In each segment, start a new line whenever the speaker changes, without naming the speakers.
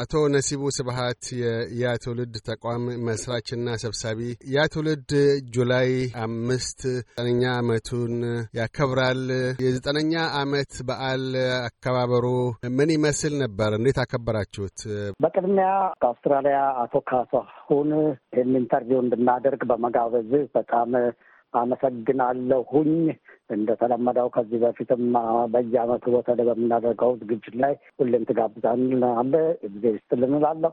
አቶ ነሲቡ ስብሀት የያ ትውልድ ተቋም መስራችና ሰብሳቢ። ያ ትውልድ ጁላይ አምስት ዘጠነኛ አመቱን ያከብራል። የዘጠነኛ አመት በዓል አከባበሩ ምን ይመስል ነበር? እንዴት አከበራችሁት?
በቅድሚያ ከአውስትራሊያ አቶ ካሳሁን ይህን ኢንተርቪው እንድናደርግ በመጋበዝ በጣም አመሰግናለሁኝ። እንደተለመደው ከዚህ በፊትም በየአመቱ በተለይ በምናደርገው ዝግጅት ላይ ሁሌም ትጋብዛናለ ጊዜ ይስጥልን እላለሁ።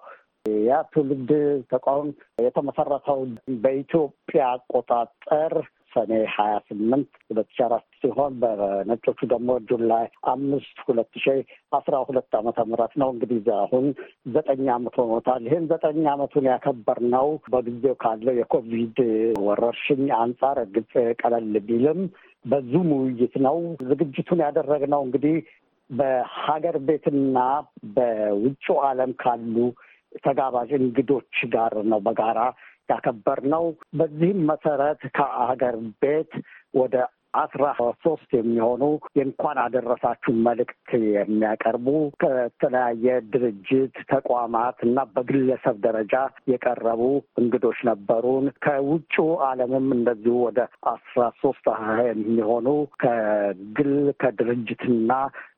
ያ ትውልድ ተቋም የተመሰረተው በኢትዮጵያ አቆጣጠር ሰኔ ሀያ ስምንት ሁለት ሺ አራት ሲሆን በነጮቹ ደግሞ ጁላይ አምስት ሁለት ሺ አስራ ሁለት ዓመተ ምህረት ነው። እንግዲህ አሁን ዘጠኝ ዓመት ሆኖታል። ይህን ዘጠኝ ዓመቱን ነው በጊዜው ካለው የኮቪድ ወረርሽኝ አንጻር ግልጽ ቀለል ቢልም በዙም ውይይት ነው። ዝግጅቱን ያደረግነው እንግዲህ በሀገር ቤትና በውጭው ዓለም ካሉ ተጋባዥ እንግዶች ጋር ነው በጋራ ያከበርነው። በዚህም መሰረት ከአገር ቤት ወደ አስራ ሶስት የሚሆኑ የእንኳን አደረሳችሁ መልእክት የሚያቀርቡ ከተለያየ ድርጅት ተቋማት እና በግለሰብ ደረጃ የቀረቡ እንግዶች ነበሩን። ከውጭ ዓለምም እንደዚሁ ወደ አስራ ሶስት የሚሆኑ ከግል ከድርጅትና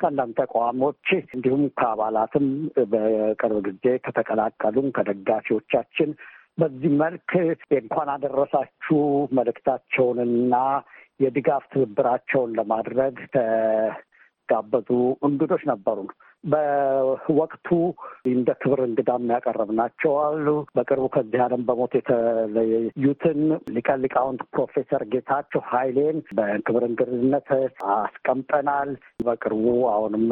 ከአንዳንድ ተቋሞች እንዲሁም ከአባላትም በቅርብ ጊዜ ከተቀላቀሉም ከደጋፊዎቻችን በዚህ መልክ እንኳን አደረሳችሁ መልእክታቸውንና የድጋፍ ትብብራቸውን ለማድረግ ተጋበዙ እንግዶች ነበሩ። በወቅቱ እንደ ክብር እንግዳም ያቀረብናቸው አሉ። በቅርቡ ከዚህ ዓለም በሞት የተለዩትን ሊቀ ሊቃውንት ፕሮፌሰር ጌታቸው ኃይሌን በክብር እንግድነት አስቀምጠናል። በቅርቡ አሁንም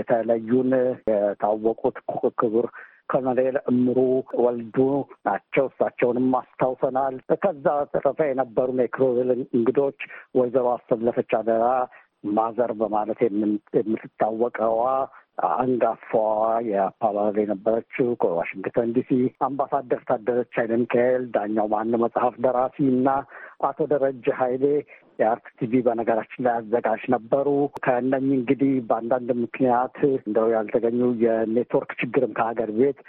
የተለዩን የታወቁት ክቡር ኮሎኔል እምሩ ወልዱ ናቸው። እሳቸውንም አስታውሰናል። ከዛ በተረፈ የነበሩን የክሮቤል እንግዶች ወይዘሮ አሰለፈች አደራ ማዘር በማለት የምትታወቀዋ አንጋፋዋ የአፓባል የነበረችው ከዋሽንግተን ዲሲ አምባሳደር ታደረች ኃይለ ሚካኤል፣ ዳኛው ማን መጽሐፍ ደራሲ እና አቶ ደረጀ ኃይሌ የአርት ቲቪ በነገራችን ላይ አዘጋጅ ነበሩ። ከነኝ እንግዲህ በአንዳንድ ምክንያት እንደው ያልተገኙ የኔትወርክ ችግርም ከሀገር ቤት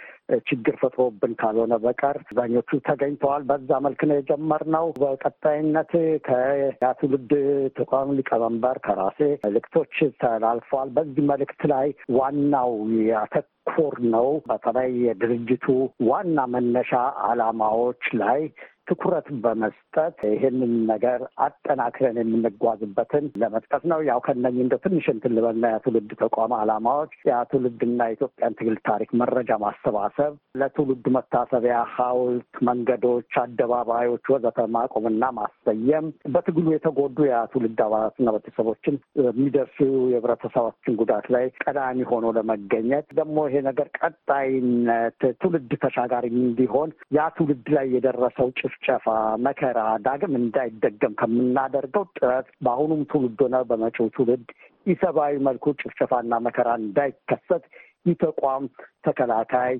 ችግር ፈጥሮብን ካልሆነ በቀር አብዛኞቹ ተገኝተዋል። በዛ መልክ ነው የጀመርነው። በቀጣይነት ከትውልድ ተቋም ሊቀመንበር ከራሴ መልእክቶች ተላልፈዋል። በዚህ መልእክት ላይ ዋናው ያተ ኮር ነው። በተለይ የድርጅቱ ዋና መነሻ አላማዎች ላይ ትኩረትን በመስጠት ይህንን ነገር አጠናክረን የምንጓዝበትን ለመጥቀስ ነው። ያው ከነኝህ እንደ ትንሽ እንትን ልበልና የትውልድ ተቋም ዓላማዎች የትውልድና የኢትዮጵያን ትግል ታሪክ መረጃ ማሰባሰብ፣ ለትውልድ መታሰቢያ ሐውልት፣ መንገዶች፣ አደባባዮች ወዘተ ማቆምና ማሰየም፣ በትግሉ የተጎዱ የትውልድ አባላትና ቤተሰቦችን የሚደርሱ የህብረተሰባችን ጉዳት ላይ ቀዳሚ ሆኖ ለመገኘት ደግሞ ይሄ ነገር ቀጣይነት ትውልድ ተሻጋሪ እንዲሆን ያ ትውልድ ላይ የደረሰው ጭፍ ጭፍጨፋ፣ መከራ ዳግም እንዳይደገም ከምናደርገው ጥረት በአሁኑም ትውልድ ሆነ በመጪው ትውልድ ኢሰብአዊ መልኩ ጭፍጨፋና መከራ እንዳይከሰት ይህ ተቋም ተከላካይ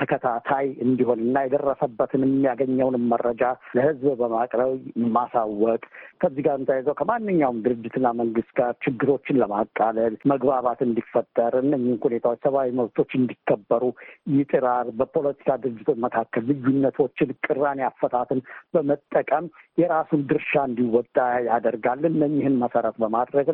ተከታታይ እንዲሆን እና የደረሰበትን የሚያገኘውንም መረጃ ለህዝብ በማቅረብ ማሳወቅ ከዚህ ጋር ተያይዘው ከማንኛውም ድርጅትና መንግስት ጋር ችግሮችን ለማቃለል መግባባት እንዲፈጠር እነኝህን ሁኔታዎች፣ ሰብአዊ መብቶች እንዲከበሩ ይጥራል። በፖለቲካ ድርጅቶች መካከል ልዩነቶችን፣ ቅራኔ አፈታትን በመጠቀም የራሱን ድርሻ እንዲወጣ ያደርጋል። እነኝህን መሰረት በማድረግ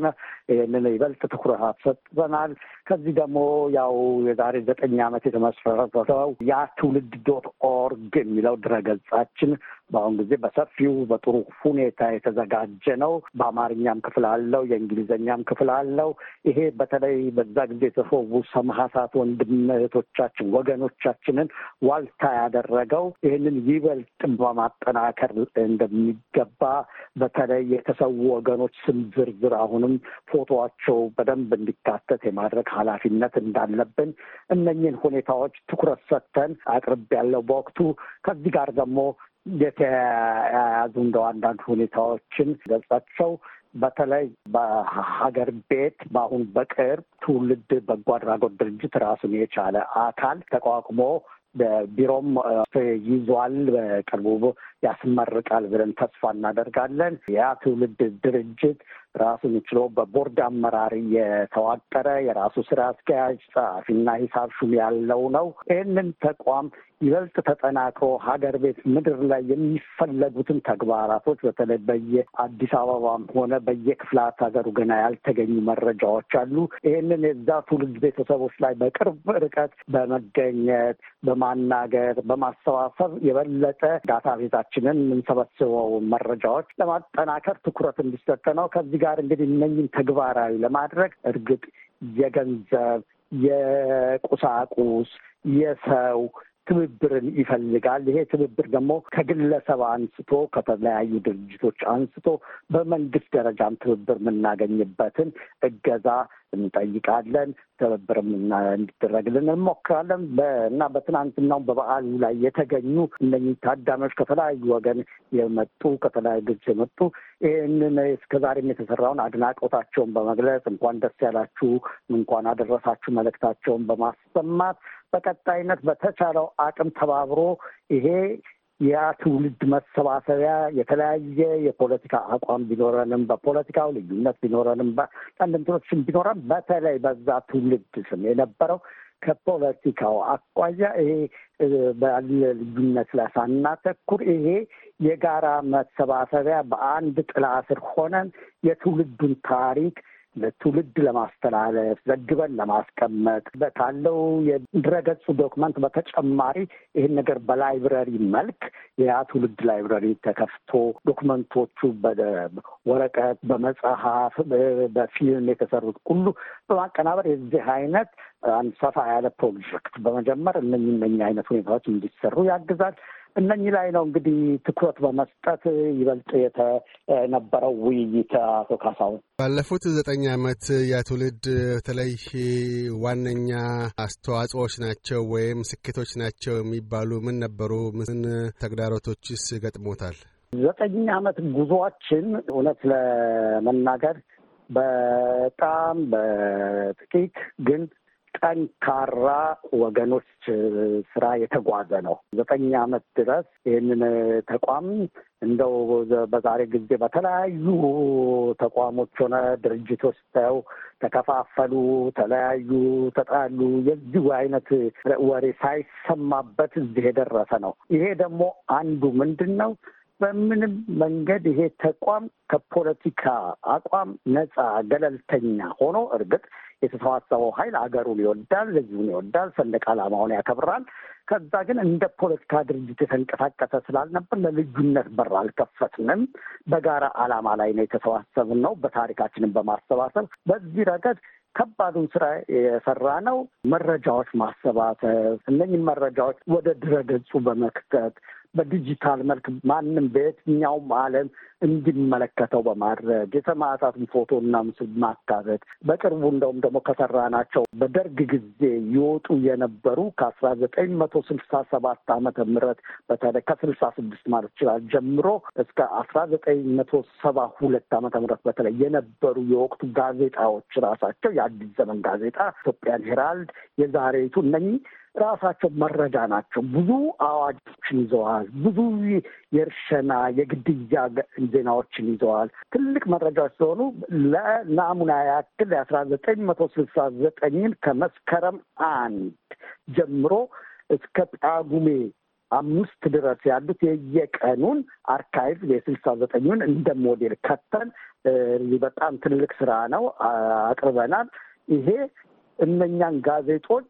ይህንን ይበልጥ ትኩረት ሰጥተናል። ከዚህ ደግሞ ያው የዛሬ ዘጠኝ ዓመት የተመሰረተው ያ ትውልድ ዶት ኦርግ የሚለው ድረገጻችን በአሁን ጊዜ በሰፊው በጥሩ ሁኔታ የተዘጋጀ ነው። በአማርኛም ክፍል አለው፣ የእንግሊዝኛም ክፍል አለው። ይሄ በተለይ በዛ ጊዜ የተሰዉ ሰማዕታት ወንድም እህቶቻችን፣ ወገኖቻችንን ዋልታ ያደረገው ይህንን ይበልጥ በማጠናከር እንደሚገባ በተለይ የተሰዉ ወገኖች ስም ዝርዝር አሁንም ፎቶዋቸው በደንብ እንዲካተት የማድረግ ኃላፊነት እንዳለብን እነኝን ሁኔታዎች ትኩረት ሰጥተን አቅርብ ያለው በወቅቱ ከዚህ ጋር ደግሞ የተያያዙ እንደው አንዳንድ ሁኔታዎችን ገጻቸው በተለይ በሀገር ቤት በአሁን በቅርብ ትውልድ በጎ አድራጎት ድርጅት ራሱን የቻለ አካል ተቋቁሞ ቢሮም ይዟል። በቅርቡ ያስመርቃል ብለን ተስፋ እናደርጋለን። ያ ትውልድ ድርጅት ራሱን ችሎ በቦርድ አመራር የተዋቀረ የራሱ ስራ አስኪያጅ፣ ጸሐፊና ሂሳብ ሹም ያለው ነው። ይህንን ተቋም ይበልጥ ተጠናክሮ ሀገር ቤት ምድር ላይ የሚፈለጉትን ተግባራቶች በተለይ በየአዲስ አዲስ አበባም ሆነ በየክፍላት ሀገሩ ገና ያልተገኙ መረጃዎች አሉ። ይህንን የዛ ትውልድ ቤተሰቦች ላይ በቅርብ ርቀት በመገኘት በማናገር በማሰባሰብ የበለጠ ዳታ ቤዛችንን የምንሰበስበው መረጃዎች ለማጠናከር ትኩረት እንዲሰጥ ነው ከዚህ ጋር እንግዲህ እነኝን ተግባራዊ ለማድረግ እርግጥ የገንዘብ፣ የቁሳቁስ፣ የሰው ትብብርን ይፈልጋል። ይሄ ትብብር ደግሞ ከግለሰብ አንስቶ ከተለያዩ ድርጅቶች አንስቶ በመንግስት ደረጃም ትብብር የምናገኝበትን እገዛ እንጠይቃለን። ትብብር እንዲደረግልን እንሞክራለን እና በትናንትናው በበዓሉ ላይ የተገኙ እነኚህ ታዳሚዎች ከተለያዩ ወገን የመጡ ከተለያዩ ግብጽ የመጡ ይህንን እስከዛሬም የተሰራውን አድናቆታቸውን በመግለጽ እንኳን ደስ ያላችሁ፣ እንኳን አደረሳችሁ መልእክታቸውን በማሰማት በቀጣይነት በተቻለው አቅም ተባብሮ ይሄ ያ ትውልድ መሰባሰቢያ የተለያየ የፖለቲካ አቋም ቢኖረንም በፖለቲካው ልዩነት ቢኖረንም በአንድ እንትኖችም ቢኖረን በተለይ በዛ ትውልድ ስም የነበረው ከፖለቲካው አኳያ ይሄ ባለ ልዩነት ላይ ሳናተኩር ይሄ የጋራ መሰባሰቢያ በአንድ ጥላ ስር ሆነን የትውልዱን ታሪክ ለትውልድ ለማስተላለፍ ዘግበን ለማስቀመጥ ካለው የድረገጹ ዶክመንት በተጨማሪ ይህን ነገር በላይብረሪ መልክ የያ ትውልድ ላይብረሪ ተከፍቶ ዶክመንቶቹ በወረቀት፣ በመጽሐፍ፣ በፊልም የተሰሩት ሁሉ በማቀናበር የዚህ አይነት አንድ ሰፋ ያለ ፕሮጀክት በመጀመር እነኝ እነኝ አይነት ሁኔታዎች እንዲሰሩ ያግዛል። እነኚህ ላይ ነው እንግዲህ ትኩረት በመስጠት ይበልጥ የተነበረው ውይይት። አቶ ካሳሁን
ባለፉት ዘጠኝ ዓመት የትውልድ በተለይ ዋነኛ አስተዋጽኦዎች ናቸው ወይም ስኬቶች ናቸው የሚባሉ ምን ነበሩ? ምን ተግዳሮቶችስ ገጥሞታል?
ዘጠኝ ዓመት ጉዞአችን እውነት ለመናገር በጣም በጥቂት ግን ጠንካራ ወገኖች ስራ የተጓዘ ነው። ዘጠኝ ዓመት ድረስ ይህንን ተቋም እንደው በዛሬ ጊዜ በተለያዩ ተቋሞች ሆነ ድርጅቶች ተው ተከፋፈሉ፣ ተለያዩ፣ ተጣሉ የዚሁ አይነት ወሬ ሳይሰማበት እዚህ የደረሰ ነው። ይሄ ደግሞ አንዱ ምንድን ነው በምንም መንገድ ይሄ ተቋም ከፖለቲካ አቋም ነፃ ገለልተኛ ሆኖ እርግጥ የተሰባሰበው ኃይል አገሩን ይወዳል፣ ህዝቡን ይወዳል፣ ሰንደቅ ዓላማውን ያከብራል። ከዛ ግን እንደ ፖለቲካ ድርጅት የተንቀሳቀሰ ስላልነበር ለልዩነት በር አልከፈትንም። በጋራ ዓላማ ላይ ነው የተሰባሰብን ነው በታሪካችንን በማሰባሰብ በዚህ ረገድ ከባዱን ስራ የሰራ ነው። መረጃዎች ማሰባሰብ፣ እነኝም መረጃዎች ወደ ድረገጹ በመክተት በዲጂታል መልክ ማንም በየትኛውም ዓለም እንዲመለከተው በማድረግ ፎቶ እና ምስል ማካተት በቅርቡ እንደውም ደግሞ ከሰራ ናቸው በደርግ ጊዜ ይወጡ የነበሩ ከአስራ ዘጠኝ መቶ ስልሳ ሰባት ዓመተ ምህረት በተለይ ከስልሳ ስድስት ማለት ይችላል ጀምሮ እስከ አስራ ዘጠኝ መቶ ሰባ ሁለት ዓመተ ምህረት በተለይ የነበሩ የወቅቱ ጋዜጣዎች ራሳቸው የአዲስ ዘመን ጋዜጣ፣ ኢትዮጵያን ሄራልድ፣ የዛሬቱ እነኚህ ራሳቸው መረጃ ናቸው። ብዙ አዋጆችን ይዘዋል። ብዙ የእርሸና የግድያ ዜናዎችን ይዘዋል። ትልቅ መረጃዎች ሲሆኑ ለናሙና ያክል የአስራ ዘጠኝ መቶ ስልሳ ዘጠኝን ከመስከረም አንድ ጀምሮ እስከ ጳጉሜ አምስት ድረስ ያሉት የየቀኑን አርካይቭ የስልሳ ዘጠኙን እንደ ሞዴል ከተን በጣም ትልቅ ስራ ነው አቅርበናል። ይሄ እነኛን ጋዜጦች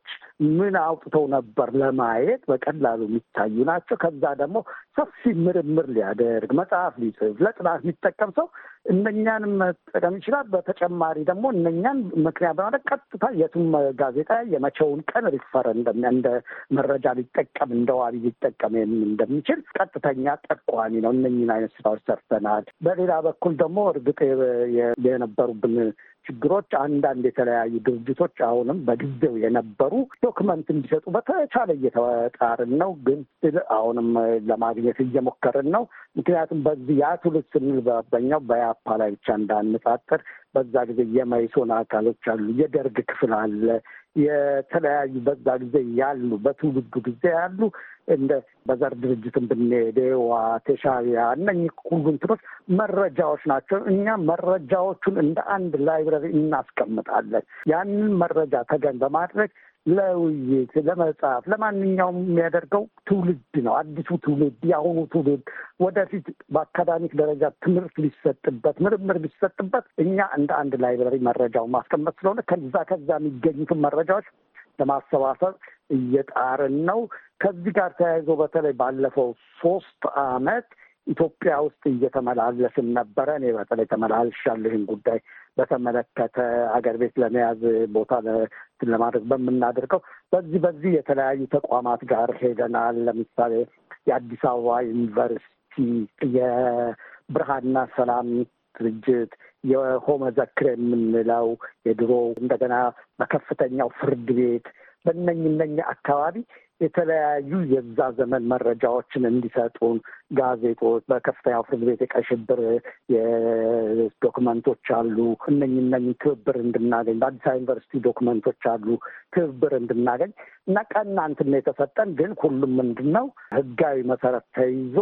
ምን አውጥተው ነበር ለማየት በቀላሉ የሚታዩ ናቸው። ከዛ ደግሞ ሰፊ ምርምር ሊያደርግ መጽሐፍ ሊጽፍ ለጥናት ሊጠቀም ሰው እነኛን መጠቀም ይችላል። በተጨማሪ ደግሞ እነኛን ምክንያት በማድረግ ቀጥታ የቱም ጋዜጣ የመቼውን ቀን ሪፈር እንደ መረጃ ሊጠቀም እንደ ዋቢ ሊጠቀም እንደሚችል ቀጥተኛ ጠቋሚ ነው። እነኝን አይነት ስራዎች ሰርተናል። በሌላ በኩል ደግሞ እርግጥ የነበሩብን ችግሮች አንዳንድ የተለያዩ ድርጅቶች አሁንም በጊዜው የነበሩ ዶክመንት እንዲሰጡ በተቻለ እየተጣርን ነው፣ ግን አሁንም ለማግኘት እየሞከርን ነው። ምክንያቱም በዚህ ያ ትውልድ ስንል በኛው በያፓ ላይ ብቻ እንዳንጣጠር በዛ ጊዜ የመይሶን አካሎች አሉ፣ የደርግ ክፍል አለ፣ የተለያዩ በዛ ጊዜ ያሉ በትውልዱ ጊዜ ያሉ እንደ በዘር ድርጅትን ብንሄድ ዋ ቴሻቢያ እነኚህ ሁሉ እንትኖች መረጃዎች ናቸው። እኛ መረጃዎቹን እንደ አንድ ላይብረሪ እናስቀምጣለን። ያንን መረጃ ተገን በማድረግ ለውይይት፣ ለመጽሐፍ፣ ለማንኛውም የሚያደርገው ትውልድ ነው። አዲሱ ትውልድ፣ የአሁኑ ትውልድ ወደፊት በአካዳሚክ ደረጃ ትምህርት ሊሰጥበት፣ ምርምር ሊሰጥበት እኛ እንደ አንድ ላይብረሪ መረጃው ማስቀመጥ ስለሆነ ከዛ ከዛ የሚገኙትን መረጃዎች ለማሰባሰብ እየጣርን ነው። ከዚህ ጋር ተያይዞ በተለይ ባለፈው ሶስት አመት ኢትዮጵያ ውስጥ እየተመላለስን ነበረ። እኔ በተለይ ተመላልሻልህን ጉዳይ በተመለከተ አገር ቤት ለመያዝ ቦታ ለማድረግ በምናደርገው በዚህ በዚህ የተለያዩ ተቋማት ጋር ሄደናል። ለምሳሌ የአዲስ አበባ ዩኒቨርሲቲ፣ የብርሃንና ሰላም ድርጅት፣ ዘክር የምንለው የድሮ እንደገና በከፍተኛው ፍርድ ቤት በእነኝ አካባቢ የተለያዩ የዛ ዘመን መረጃዎችን እንዲሰጡን ጋዜጦች፣ በከፍተኛው ፍርድ ቤት የቀሽብር ሽብር ዶክመንቶች አሉ። እነኝ እነኝ ትብብር እንድናገኝ በአዲስ አበባ ዩኒቨርሲቲ ዶክመንቶች አሉ። ትብብር እንድናገኝ እና ቀናንትና የተሰጠን ግን ሁሉም ምንድን ነው ህጋዊ መሰረት ተይዞ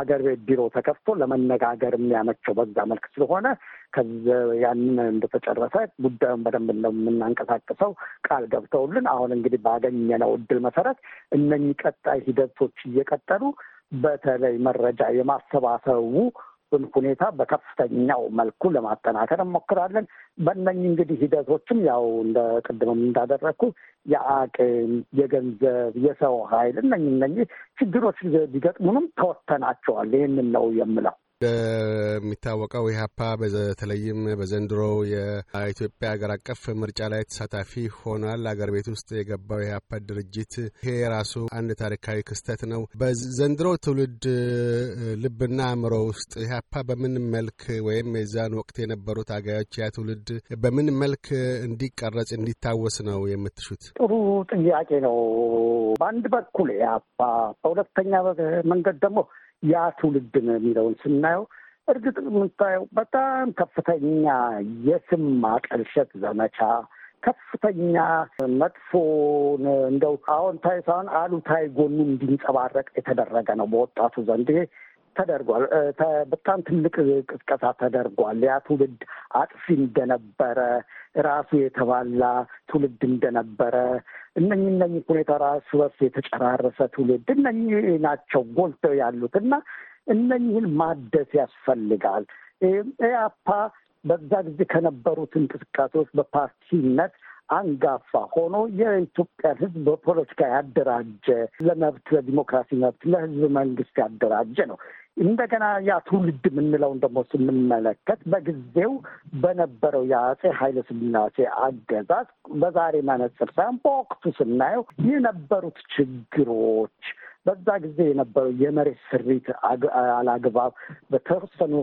አገር ቤት ቢሮ ተከፍቶ ለመነጋገር የሚያመቸው በዛ መልክ ስለሆነ ከዚያ ያንን እንደተጨረሰ ጉዳዩን በደንብ የምናንቀሳቀሰው ቃል ገብተውልን አሁን እንግዲህ ባገኘነው እድል መሰረት እነኚህ ቀጣይ ሂደቶች እየቀጠሉ በተለይ መረጃ የማሰባሰቡ ሁኔታ በከፍተኛው መልኩ ለማጠናከር እንሞክራለን። በእነኝ እንግዲህ ሂደቶችም ያው እንደ ቅድምም እንዳደረግኩ የአቅም፣ የገንዘብ፣ የሰው ኃይል እነኝ እነኝ ችግሮች ቢገጥሙንም ተወተናቸዋል ይህንን ነው የምለው።
እንደሚታወቀው ኢህአፓ በተለይም በዘንድሮ የኢትዮጵያ ሀገር አቀፍ ምርጫ ላይ ተሳታፊ ሆኗል። አገር ቤት ውስጥ የገባው ኢህአፓ ድርጅት ይሄ የራሱ አንድ ታሪካዊ ክስተት ነው። በዘንድሮ ትውልድ ልብና አእምሮ ውስጥ ኢህአፓ በምን መልክ ወይም የዛን ወቅት የነበሩት አጋዮች ያ ትውልድ በምን መልክ እንዲቀረጽ እንዲታወስ ነው የምትሹት?
ጥሩ ጥያቄ ነው። በአንድ በኩል ኢህአፓ፣ በሁለተኛ መንገድ ደግሞ ያ ትውልድ ነው የሚለውን ስናየው እርግጥ የምታየው በጣም ከፍተኛ የስም ማጠልሸት ዘመቻ ከፍተኛ መጥፎ እንደው አዎንታዊ ሳይሆን አሉታዊ ጎኑ እንዲንጸባረቅ የተደረገ ነው በወጣቱ ዘንድ። ይሄ ተደርጓል። በጣም ትልቅ ቅስቀሳ ተደርጓል። ያ ትውልድ አጥፊ እንደነበረ ራሱ የተባላ ትውልድ እንደነበረ እነኚህ እነኚህ ሁኔታ ራሱ በርሱ የተጨራረሰ ትውልድ እነኚህ ናቸው ጎልተው ያሉት እና እነኚህን ማደስ ያስፈልጋል። ኢህአፓ በዛ ጊዜ ከነበሩት እንቅስቃሴዎች በፓርቲነት አንጋፋ ሆኖ የኢትዮጵያ ሕዝብ በፖለቲካ ያደራጀ ለመብት ለዲሞክራሲ መብት ለሕዝብ መንግስት ያደራጀ ነው። እንደገና ያ ትውልድ የምንለውን ደግሞ ስንመለከት በጊዜው በነበረው የአፄ ኃይለሥላሴ አገዛዝ በዛሬ መነጽር ሳይሆን በወቅቱ ስናየው የነበሩት ችግሮች በዛ ጊዜ የነበረው የመሬት ስሪት አላግባብ በተወሰኑ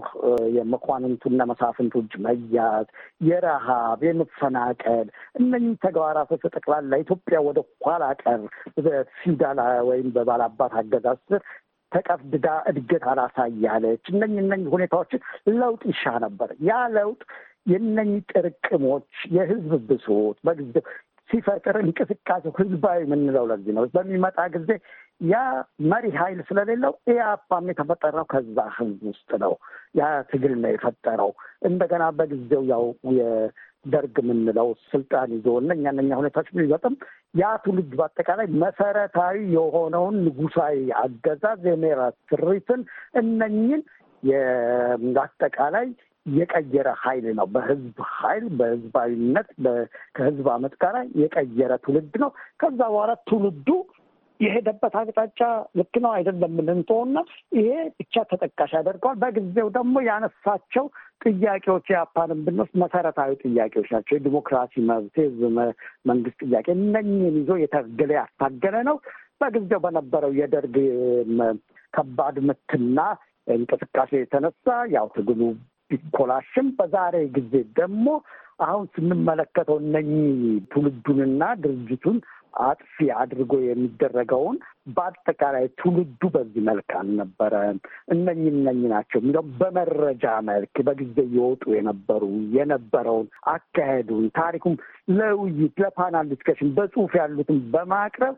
የመኳንንቱና መሳፍንቱ እጅ መያዝ፣ የረሃብ፣ የመፈናቀል እነኚህ ተግባራት በጠቅላላ ኢትዮጵያ ወደ ኋላ ቀር ፊውዳል ወይም በባላባት አገዛዝ ስር ተቀፍድዳ እድገት አላሳያለች። እነኝህ እነኝህ ሁኔታዎችን ለውጥ ይሻ ነበር። ያ ለውጥ የነኝ ጥርቅሞች የህዝብ ብሶት በጊዜው ሲፈጥር እንቅስቃሴው ህዝባዊ የምንለው ለዚህ ነው። በሚመጣ ጊዜ ያ መሪ ኃይል ስለሌለው ኢያፓም የተፈጠረው ከዛ ህዝብ ውስጥ ነው። ያ ትግል ነው የፈጠረው። እንደገና በጊዜው ያው የደርግ የምንለው ስልጣን ይዞ እና እኛ እነኛ ሁኔታዎች ቢገጥም ያ ትውልድ በአጠቃላይ መሰረታዊ የሆነውን ንጉሳዊ አገዛዝ የሜራ ስሪትን እነኝን የአጠቃላይ የቀየረ ኃይል ነው። በህዝብ ኃይል በህዝባዊነት ከህዝብ አመት ጋር የቀየረ ትውልድ ነው። ከዛ በኋላ ትውልዱ የሄደበት አቅጣጫ ልክ ነው አይደለም ምንንተውና ይሄ ብቻ ተጠቃሽ ያደርገዋል። በጊዜው ደግሞ ያነሳቸው ጥያቄዎች የአፓንም ብንወስድ መሰረታዊ ጥያቄዎች ናቸው። የዲሞክራሲ መብት፣ መንግስት ጥያቄ እነኝህን ይዞ የታገለ ያታገለ ነው። በጊዜው በነበረው የደርግ ከባድ ምትና እንቅስቃሴ የተነሳ ያው ትግሉ ቢኮላሽም በዛሬ ጊዜ ደግሞ አሁን ስንመለከተው እነኚህ ትውልዱንና ድርጅቱን አጥፊ አድርጎ የሚደረገውን በአጠቃላይ ትውልዱ በዚህ መልክ አልነበረም። እነኝ እነኝ ናቸው የሚለው በመረጃ መልክ በጊዜ የወጡ የነበሩ የነበረውን አካሄዱን፣ ታሪኩም ለውይይት ለፓናል ዲስከሽን በጽሁፍ ያሉትን በማቅረብ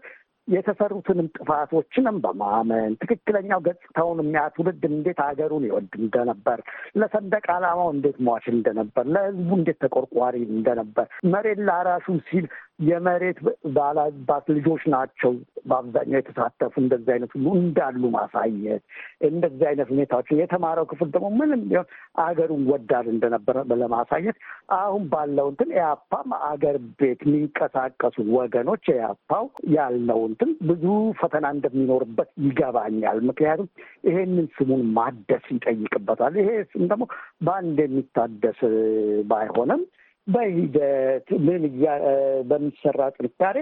የተሰሩትንም ጥፋቶችንም በማመን ትክክለኛው ገጽታውን የሚያ ትውልድ እንዴት ሀገሩን ይወድ እንደነበር፣ ለሰንደቅ ዓላማው እንዴት ሟች እንደነበር፣ ለህዝቡ እንዴት ተቆርቋሪ እንደነበር፣ መሬት ላራሹ ሲል የመሬት ባላባት ልጆች ናቸው በአብዛኛው የተሳተፉ እንደዚህ አይነት ሁሉ እንዳሉ ማሳየት እንደዚህ አይነት ሁኔታዎችን የተማረው ክፍል ደግሞ ምንም ቢሆን አገሩን ወዳድ እንደነበረ ለማሳየት አሁን ባለው እንትን ኢያፓም አገር ቤት የሚንቀሳቀሱ ወገኖች ኢያፓው ያለው እንትን ብዙ ፈተና እንደሚኖርበት ይገባኛል። ምክንያቱም ይሄንን ስሙን ማደስ ይጠይቅበታል። ይሄ ስም ደግሞ በአንድ የሚታደስ ባይሆንም በሂደት ምን በሚሰራ ጥንካሬ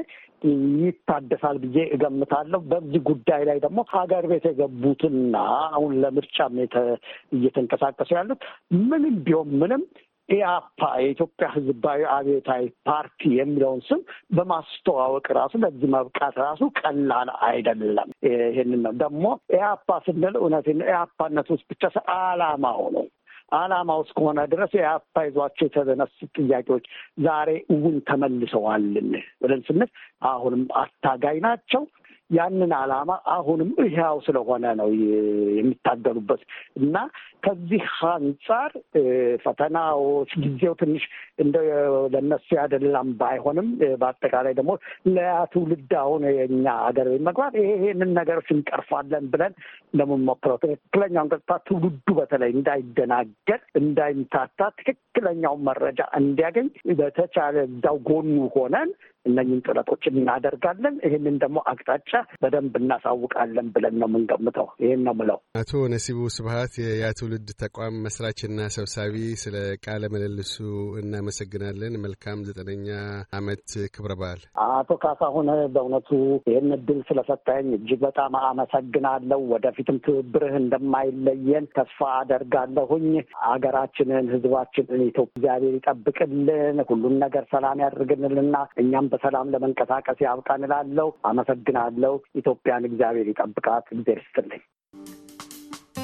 ይታደሳል ብዬ እገምታለሁ። በዚህ ጉዳይ ላይ ደግሞ ሀገር ቤት የገቡትና አሁን ለምርጫም እየተንቀሳቀሱ ያሉት ምንም ቢሆን ምንም ኢያፓ የኢትዮጵያ ሕዝባዊ አብዮታዊ ፓርቲ የሚለውን ስም በማስተዋወቅ ራሱ ለዚህ መብቃት ራሱ ቀላል አይደለም። ይህንን ነው ደግሞ ኢያፓ ስንል እውነት ኢያፓነት ውስጥ ብቻ አላማው ነው ዓላማው እስከሆነ ድረስ የአታይዟቸው የተነሱ ጥያቄዎች ዛሬ እውን ተመልሰዋልን ብለን ስንል አሁንም አታጋይ ናቸው። ያንን ዓላማ አሁንም ይኸው ስለሆነ ነው የሚታገሉበት እና ከዚህ አንጻር ፈተናዎች ጊዜው ትንሽ እንደ ለነሱ ያደላም ባይሆንም በአጠቃላይ ደግሞ ለትውልድ አሁን የኛ ሀገር መግባት ይሄንን ነገሮች እንቀርፋለን ብለን ለምንሞክረው ትክክለኛውን ገጽታ ትውልዱ በተለይ እንዳይደናገር እንዳይምታታ ትክክለኛውን መረጃ እንዲያገኝ በተቻለ እዛው ጎኑ ሆነን እነኝን ጥረቶች እናደርጋለን። ይህንን ደግሞ አቅጣጫ በደንብ እናሳውቃለን ብለን ነው የምንገምተው። ይህን ነው ምለው።
አቶ ነሲቡ ስብሀት የያ ትውልድ ተቋም መስራችና ሰብሳቢ፣ ስለ ቃለ ምልልሱ እናመሰግናለን። መልካም ዘጠነኛ አመት ክብረ በዓል።
አቶ ካሳሁን በእውነቱ ይህን እድል ስለሰጠኝ እጅግ በጣም አመሰግናለሁ። ወደፊት ወደፊትም ትብብርህ እንደማይለየን ተስፋ አደርጋለሁኝ። ሀገራችንን፣ ህዝባችንን ኢትዮጵያ እግዚአብሔር ይጠብቅልን፣ ሁሉን ነገር ሰላም ያደርግንልና እኛም በሰላም ለመንቀሳቀስ ያብቃን እላለሁ። አመሰግናለሁ። ኢትዮጵያን እግዚአብሔር ይጠብቃት። እግዚአብሔር ይስጥልኝ።